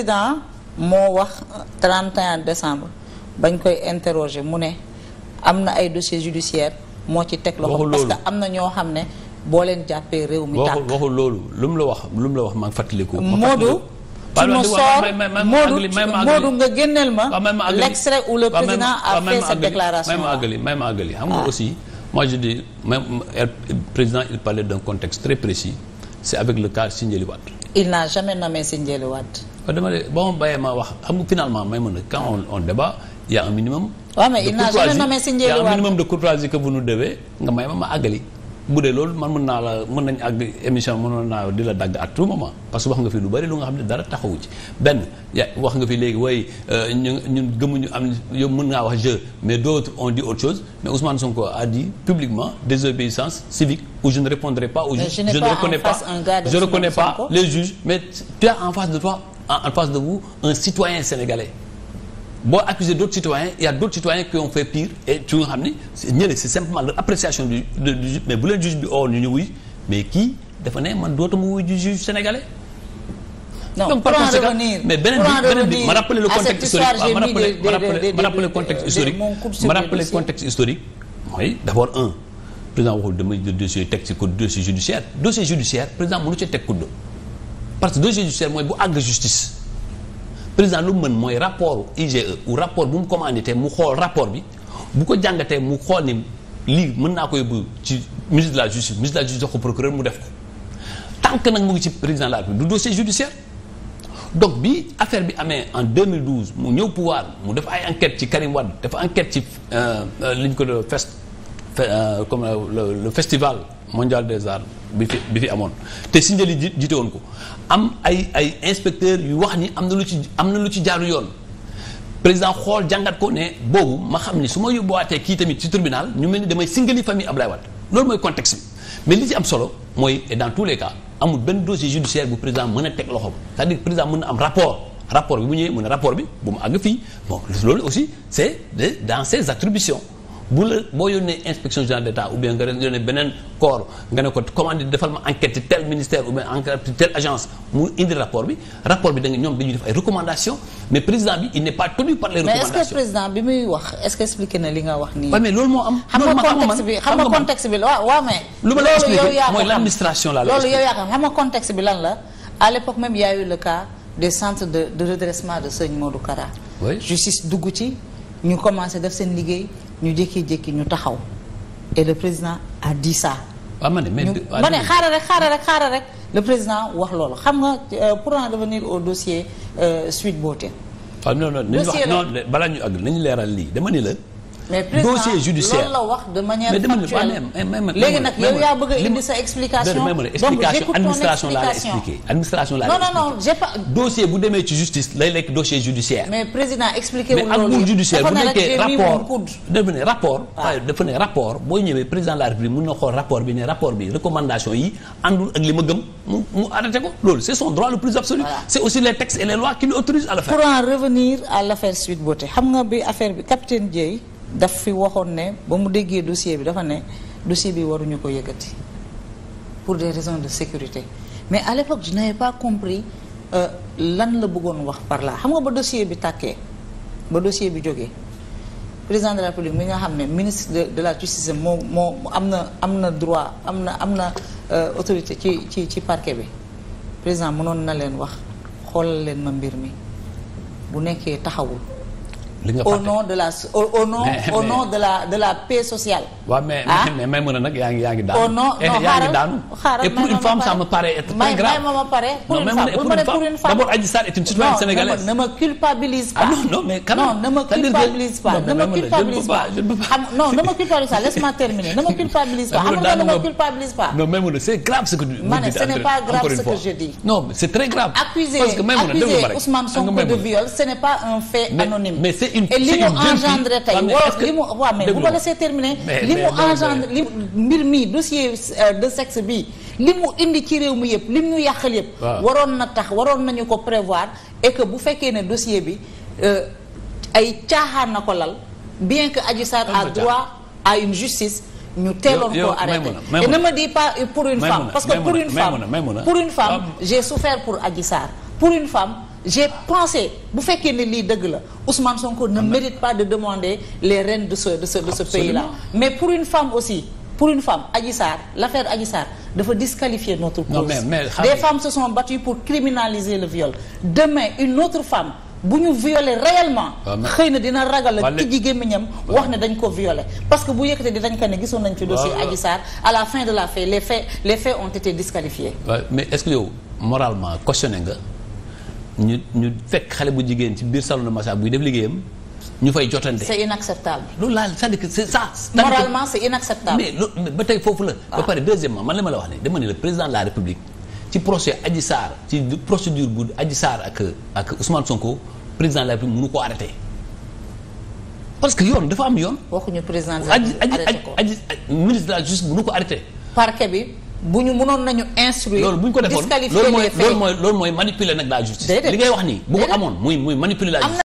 président moo wax 31 décembre bañ koy interroger mu ne am na ay dossiers judiciaires moo ci teg loxo parce que am na ñoo xam ne boo leen jàppee réew mi tàkk waxul loolu lu mu la wax lu mu la wax maa ngi fàttaliku Modou tu moo sors Modou Modou nga génneel ma l'extrait où la président a fait cette déclaration même àggali même àggali xam nga ah. aussi moi je président il parlait d'un contexte très précis c'est avec le cas Sindiély Wade il n'a jamais nommé Sindiély Wade dama ne ba ma bàyyee ma wax xam finalement may mën a quand on on débat y' a un minimum. waaw mais il n'a jamais nommé si njëriñ a de courtoisie que vous nous devez nga may ma ma àggali. bu dee loolu man mën naa la mën nañu àgg émission mënoon naa di la dagg à tout moment parce que wax nga fi lu bari lu nga xam ne dara taxawu ci benn ya wax nga fi léegi waaye eh, ñu ñun gëmuñu am yow mën ngaa wax jeu mais d'autres ont dit autre chose mais Ousmane Sonko a dit publiquement désobéissance civique où je ne répondrai pas euh, aux en face de vous un citoyen sénégalais boo accuser d'autres citoyens il y a d'autres citoyens qui fait pire et nga xam ni ñële c'est simplement leur appréciation du du mais bu leen juge bi oo oh, ñu ñu wuy mais kii dafa ne man dootuma wuy du juge sénégalais. non donc par conséquent mais beneen bi beneen bi ma rappelé le contexte historique ma rappelé ma rappelé contexte historique ma rappelé contexte historique. mooy d'abord un président waxul damay jël dossier parce que dossier judiciaire mooy bu àgg justice président lu mën mooy rapport IGE ou rapport bu mu commandité mu xool rapport bi bu ko jàngatee mu xool ni lii mën naa ko yóbbu ci ministre de la justice ministre de la justice jox ko procureur mu def ko tant que nag mu ngi ci président de la République du dossier judiciaire donc bi affaire bi amee en 2012 mu ñëw pouvoir mu def ay enquête ci Karim Wade def enquête ci euh, euh, li ñu ko euh, le fest comme lu festival mondial des arts bi fi bi fi amoon te si njëli ji jiite woon ko am ay ay inspecteurs yu wax ni am na lu ci am na lu ci jaaru yoon président xool jàngat ko ne boobu ma xam ni su ma yóbbuwaatee kii tamit ci tribunal ñu mel ni damay singali famille Ablaye Wade loolu mooy contexte bi mais li ci am solo mooy et dans tous les cas amul benn dossier judiciaire bu président mën a teg loxo c'est-à-dire président mën na am rapport rapport bi bu ñëwee mën a rapport bi bu mu àgg fii bon loolu aussi c'est dans ses attributions bu la boo yónnee inspection générale d' état ou bien nga yónnee beneen corps nga ne ko commande defal ma enquête ci tel ministère ou bien enquête ci telle agence mu indi rapport bi rapport bi da nga ñoom dañuy def ay recommandations mais président bi il n' est pas tenu par les na li nga wax nii. waaw mais loolu moo am. la expliqué loolu yow yaa ko xam nga contexte bi lan la à l' époque même y' a eu le cas des centres de de redressement de Sëñ Modou Kara. oui justice dugg ci ñu commencé def seen liggéey. ñu jékki-jékki ñu taxaw et le président a dit ça. waaw ma ne mais ma ne xaaral rek xaaral rek xaaral rek le président wax loolu xam nga euh, pour en revenir au dossier euh, Sweet Beauté. dossier non non nañu wax non balaa ñu àgg nañu leeral lii dama ni la. mais dossier judiciaire loolu la wax de manière factuelle léegi nag yow yaa bëgg a indi sa explication donc j'écoute ton explication administration laa non bu demee ci justice lay nekk dossier judiciaire mais président expliqué wul loolu mais ak judiciaire bu nekkee rapport dafa ne rapport ah. dafa ne rapport boo ñëwee président la république mun na xool rapport bi ne rapport bi recommandation yi àndul ak li ma gëm mu mu ko loolu c'est son xam nga bi affaire bi capitaine daf fi waxoon ne ba mu déggee dossier bi dafa ne dossier bi waruñu ko yëkkati pour des raisons de sécurité mais à l'époque je n'avais pas compris euh, lan la bëggoon wax par là xam nga ba dossier bi tàkkee ba dossier bi jógee président de la République mi nga xam ne ministre de de la justice moo moo am na am na droit am na am na euh, autorité ci ci ci parquet bi président mënoon na leen wax xoolal leen ma mbir mi bu nekkee taxawul li nga fàtte au nom de la au, au nom mais, au mais, nom de la de la paix sociale. waaw ah? mais mais may mën a nag yaa ngi yaa ngi daanu. au nom eh, non xaaral xaaral et pour une femme ça me paraît être may ma pare pour une pour une femme d'abord Adji Sarr est une citoyenne sénégalaise. non ne me culpabilise pas. non ne me culpabilise pas non me culpabilise pas laisse terminer ne me culpabilise pas. amul ne me culpabilise pas. non mais c'est grave ce que je dis. non c'est très grave. accuser accuser Ousmane Sonko c'est li mu engendré tey wolof li mu waaw mais bu ma laissee terminer. li mu engendre mbir mi dossier euh, de sexe bi li mu indi ci réew mi yëpp li mu ñu yàqal yëpp. waroon na tax waroon nañu ko prévoir et que bu fekkee ne dossier bi euh, ay caaxaan na ko lal bien que Adji Sarr a droit à une justice. ñu teeloon ko arrêté et ne me dis pas pour une femme. parce que pour une femme pour une j'ai souffert pour Adji pour une femme. j'ai pensé bu fekkee ne lii dëgg la Ousmane Sonko ne mérite pas de demander les rênes de ce de ce mais pour une femme aussi pour une femme Adji Sarr l'affaire Adji Sarr dafa disqualifier notre cause non, mais, mais, des femmes se sont battues pour criminaliser le viol demain une autre femme bu ñu violé réellement xëy na dina ragal a tijji gémmiñam wax ne dañ ko violé parce que bu yëkkatee dinañ ko ne gisoon nañ ci dossier Adji à la fin de la fête les faits les faits ont été disqualifiés mais est-ce que yow moralement ñu ñu fekk xale bu jigéen ci biir salon de massage buy def liggéeyam ñu fay jotante. c'est inacceptable. loolu laa c'est-à-dire que c'est ça. moralement c'est inacceptable. mais loolu ba tey foofu la. ba ah. pare deuxièmement man li ma la wax ne dama ne le président de la république ci procès Adji Sarr ci procédure bu aji saar ak ak Ousmane Sonko président de la république mënu ko arrêté. parce que yoon dafa am yoon. waxuñu président de la république arrêté ko aji aji ministre de la justice mënu ko bu ñu mënoon nañu instruire. loolu bu ñu ko defoon loolu mooy loolu mooy loolu mooy manipuler nag la justice. li ngay wax ni bu ko amoon muy muy manipuler la justice.